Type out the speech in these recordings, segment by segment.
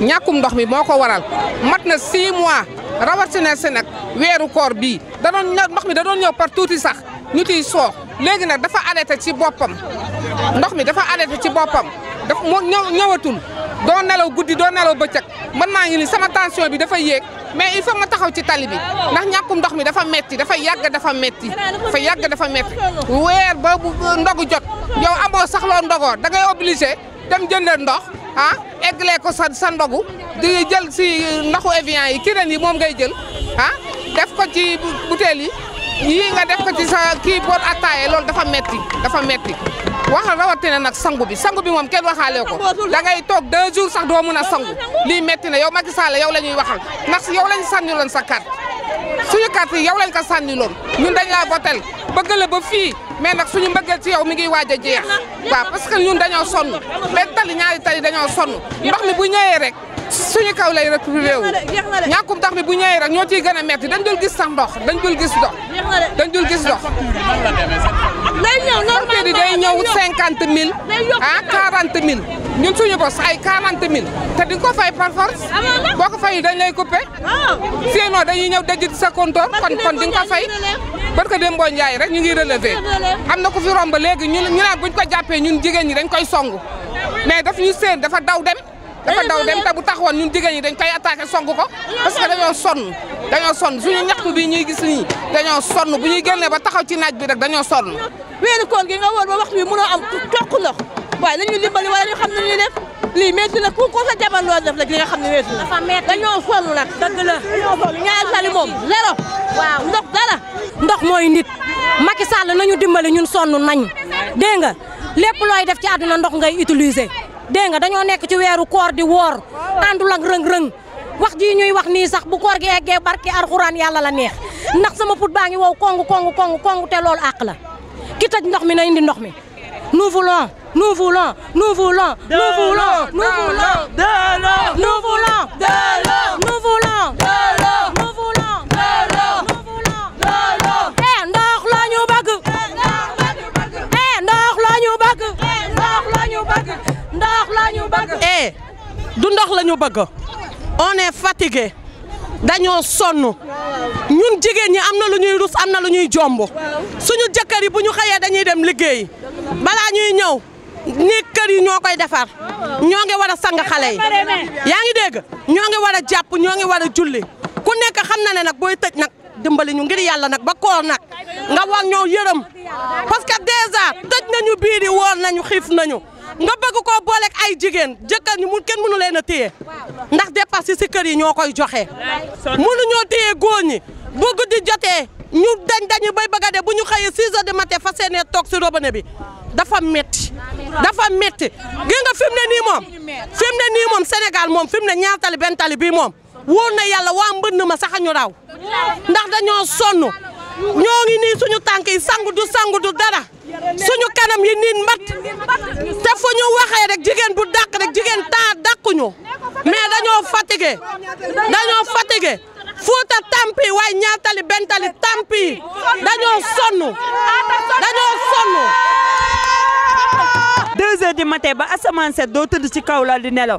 ñàkkum ndox mi moo ko waral mat na 6 mois rawatina si nag weeru koor bii danoon doon ndox mi danoon doon ñëw par tuuti sax ñu ciy soox léegi nag dafa arrêté ci boppam ndox mi dafa arrêté ci boppam daf moo ñëwatul doo nelaw guddi doo nelaw bëccëg man naa ngi ni sama tension bi dafa yéeg mais i faut ma taxaw ci tali bi ndax ñàkkum ndox mi dafa metti dafa yàgg dafa metti dafa yàgg dafa metti weer ba ndogu jot yow amoo sax loo ndogoo da ngay obligé dem jënd ndox. ah eggalee ko sa sa ndogu di jël si ndoxu Evian yi kireen yi moom ngay jël ah def ko ci butéel yi yii nga def ko ci sa kii boot attaaye loolu dafa metti dafa metti wax rawatina nag sangu bi sangu bi moom kenn waxaalee ko da ngay toog deux jours sax doomu mun a sangu lii metti na yow Macky Sall yow la ñuy waxal ndax yow lañ sànni loon sa carte suñu carte yi yow lañ ko sànni loon ñun dañ laa votel bëgg la ba fii mais nag suñu mbëggeel ci yow mi ngi waaj a jeex waaw parce que ñun dañoo sonn benn tali ñaari tali dañoo sonn ndox mi bu ñëwee rek suñu kaw lay rek réew kum ndox mi bu ñëwee rek ñoo ciy gën a metti dañ dul gis sax ndox dañ dul gis ndox dañ dul gis ndox wut cinquante mille ah quarante mille ñun suñu bos ay quarante mille te di ko fay par force boo ko fayul dañ lay coupé ah. sinon dañuy ñëw dajit sa compteur kon kon di nga ko fay parce que Demba Ndiaye rek ñu ngi relevé am na ko fi romb léegi ñu ñu naan buñ ko jàppee ñun jigéen ñi dañ koy songu mais daf ñu seen dafa daw dem dafa daw dem te bu taxawoon ñun jigéen ñi dañ koy attaqué songu ko parce que dañoo dañoo sonn suñu ñaxtu bi ñuy gis nii dañoo sonn bu ñuy génnee ba taxaw ci naaj bi rek dañoo sonn. weeru koor gi nga wóor ba waxtu bi mënoo am toq ndox waaye nañu dimbali wala ñu xam ne ñuy lii métti na ku ko sa jabar loo def rek li nga xam ne métti na. dafa métti dañoo sonn nag. dëgg la dañoo sonn ñaari sali moom zéro. waaw ndox dara. ndox mooy nit Macky Sall nañu dimbali ñun sonn nañ dégg nga lépp looy def ci àdduna ndox ngay utiliser dégg nga dañoo nekk ci weeru koor di woor àndul ak rëng-rëng wax ji ñuy wax ni sax bu koor gi eggee barke alxuraan yàlla la neex nak sama put baangi wow kongu kongu kongu kongu te loolu ak la ki tëj ndox mi na indi ndox mi nous voulons nous voulons nous voulons nous voulons nous voulons de l'eau nous voulons de l'eau nous voulons de l'eau nous voulons de l'eau nous voulons de l'eau eh ndox la ñu bëgg eh ndox la ñu bëgg eh, eh, ndox la ñu bëgg ndox la ñu bëgg eh du ndox la ñu bëgg on est fatigué dañoo sonn ñun jigéen ñi am na lu ñuy rus am na lu ñuy jomb suñu jëkkër yi bu ñu xëyee dañuy dem liggéey balaa ñuy ñëw ni kër yi ñoo koy defar ñoo ngi war a sang xale yi yaa ngi dégg ñoo ngi war a jàpp ñoo ngi war a julli ku nekk xam na ne nag booy tëj nag dimbali ñu ngir yàlla nag ba koor nag nga war ñoo yërëm parce que déjà tëj nañu biir yi woor nañu xiif nañu nga bëgg koo booleeg ay jigéen jëkkër ñi mun kenn mënu leen a téye ndax dépasse si kër yi ñoo koy joxe. mënuñoo téye góor ñi bu guddi jotee ñu dañ dañu bay bëgg a dee bu ñu xëyee 6 heures du fa fas yéenee toog si robinet bi dafa métti. dafa métti gi nga ne nii moom fi mu ne nii moom Sénégal moom fi ne ñaar tali bii moom wóor na yàlla waa mbënd ma sax ñu raw ndax dañoo sonn. ñoo ngi nii suñu tànk yi sangu du sangu du dara suñu kanam yi niin mbat te fu ñu waxee rek jigéen bu dàq rek jigéen temps dàquñu mais dañoo fatigué dañoo fatigué Fuuta tampi waaye ñaatali bentali tampi dañoo sonn dañoo sonn deux heures du ba asamaan set doo tëdd ci kaw lal di nelaw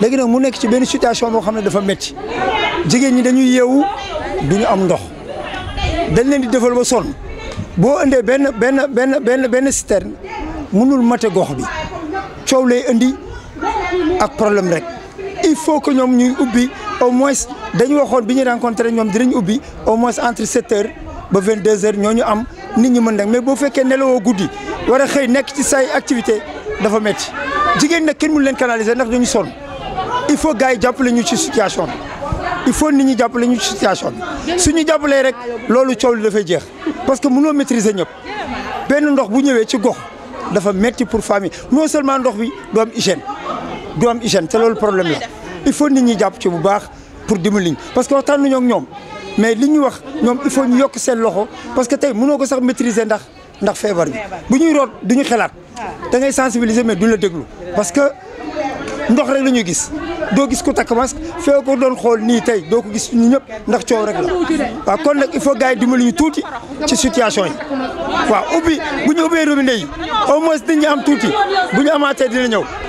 léegi nag mu nekk ci benn situation boo xam ne dafa métti jigéen ñi dañuy yeewu du ñu am ndox dañ leen di defal ba sonn boo indee benn benn benn benn benn citerne mënul mate gox bi coow lay indi ak problème rek il faut que ñoom ñuy ubbi au moins dañu waxoon bi ñu rencontré ñoom dinañ ubbi au moins entre 7 heures ba 22 heures ñoo ñu am nit ñi mën nag mais boo fekkee nelawoo guddi war a xëy nekk ci say activité dafa métti jigéen nag kenn mënu leen canaliser ndax dañu sonn. il faut que yi ñu situation il faut que nous ñu situation nous su situation, rek ce que nous devons parce que nous maîtriser ñëpp benn ndox pour famille non seulement nous bi hygiène Nous hygiène problème il faut que nous devons pour parce que nous nañoo ak mais nous ñu faire ñoom il faut parce que nous ne ko sax maîtriser ndax ndax bu ñuy root mais la parce que ndox rek la ñuy gis doo gis ku takk masque fee ko doon xool nii tey doo ko gis ñu ñëpp ndax coow rek la waaw kon nag il faut gars yi dimbali ñu tuuti ci situation yi waaw ubbi bu ñu ubbee robinet yi au moins dañu am tuuti bu ñu amaatee dina ñëw.